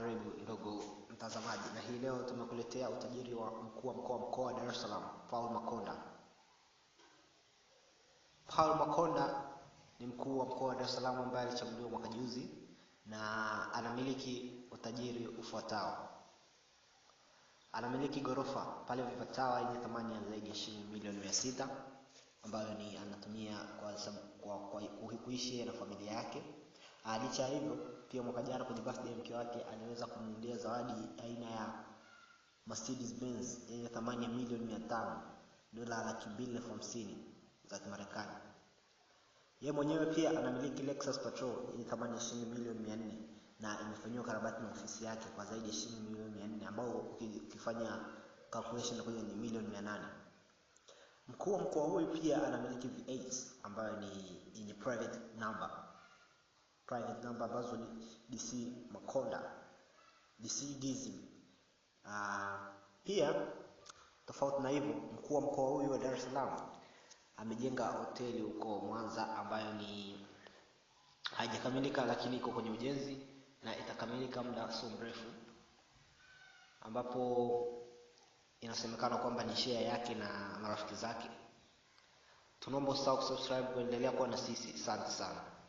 Karibu ndugu mtazamaji, na hii leo tumekuletea utajiri wa mkuu wa mkoa mkoa wa Dar es Salaam Paul Makonda. Paul Makonda ni mkuu wa mkoa wa Dar es Salaam ambaye alichaguliwa mwaka juzi na anamiliki utajiri ufuatao. Anamiliki gorofa pale Vivatawa yenye thamani ya zaidi ya shilingi milioni mia sita ambayo ni anatumia kwa, kwa, kwa kuishi na familia yake. Ah, licha ya hivyo pia mwaka jana kwenye birthday ya mke wake aliweza kumnunulia zawadi aina ya Mercedes Benz yenye thamani ya milioni mia tano dola laki mbili elfu hamsini za Kimarekani. Yeye mwenyewe pia anamiliki Lexus Patrol yenye thamani ya shilingi milioni mia nne na imefanyiwa karabati na ofisi yake kwa zaidi ya shilingi milioni mia nne ambao ukifanya calculation na kwenye ni milioni mia nane. Mkuu wa mkoa huyu pia anamiliki V8 ambayo ni yenye private number private number ambazo ni DC Makonda, DC Gizim. Uh, ah, pia tofauti na hivyo, mkuu wa mkoa huyu wa Dar es Salaam amejenga hoteli huko Mwanza ambayo ni haijakamilika, lakini iko kwenye ujenzi na itakamilika muda sio mrefu, ambapo inasemekana kwamba ni share yake na marafiki zake. Tunaomba usahau kusubscribe kuendelea kuwa na sisi. Asante sana.